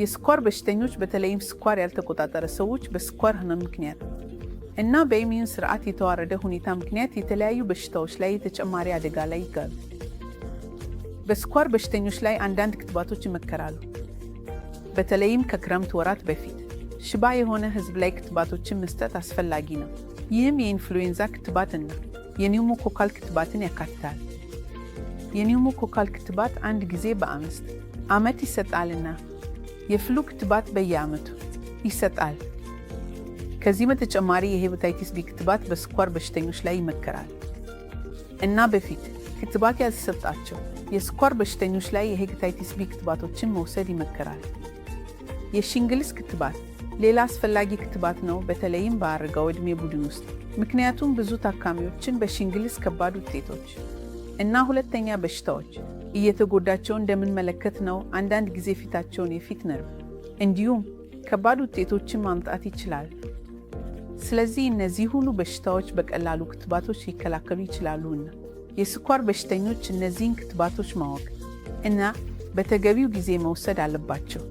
የስኳር በሽተኞች በተለይም ስኳር ያልተቆጣጠረ ሰዎች በስኳር ህመም ምክንያት እና በኢሚዩን ስርዓት የተዋረደ ሁኔታ ምክንያት የተለያዩ በሽታዎች ላይ የተጨማሪ አደጋ ላይ ይጋሉ። በስኳር በሽተኞች ላይ አንዳንድ ክትባቶች ይመከራሉ። በተለይም ከክረምት ወራት በፊት ሽባ የሆነ ህዝብ ላይ ክትባቶችን መስጠት አስፈላጊ ነው። ይህም የኢንፍሉዌንዛ ክትባትና የኒውሞኮካል ክትባትን ያካትታል። የኒውሞኮካል ክትባት አንድ ጊዜ በአምስት ዓመት ይሰጣልና የፍሉክ ክትባት በየዓመቱ ይሰጣል። ከዚህ በተጨማሪ የሄፓታይቲስ ቢ ክትባት በስኳር በሽተኞች ላይ ይመከራል እና በፊት ክትባት ያልተሰጣቸው የስኳር በሽተኞች ላይ የሄፓታይቲስ ቢ ክትባቶችን መውሰድ ይመከራል። የሽንግልስ ክትባት ሌላ አስፈላጊ ክትባት ነው፣ በተለይም በአረጋው ዕድሜ ቡድን ውስጥ ምክንያቱም ብዙ ታካሚዎችን በሽንግልስ ከባድ ውጤቶች እና ሁለተኛ በሽታዎች እየተጎዳቸው እንደምንመለከት ነው። አንዳንድ ጊዜ ፊታቸውን የፊት ነርቭ እንዲሁም ከባድ ውጤቶችን ማምጣት ይችላል። ስለዚህ እነዚህ ሁሉ በሽታዎች በቀላሉ ክትባቶች ሊከላከሉ ይችላሉና የስኳር በሽተኞች እነዚህን ክትባቶች ማወቅ እና በተገቢው ጊዜ መውሰድ አለባቸው።